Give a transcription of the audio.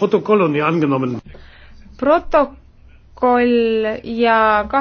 protokoll on ja angenommen. protokoll ja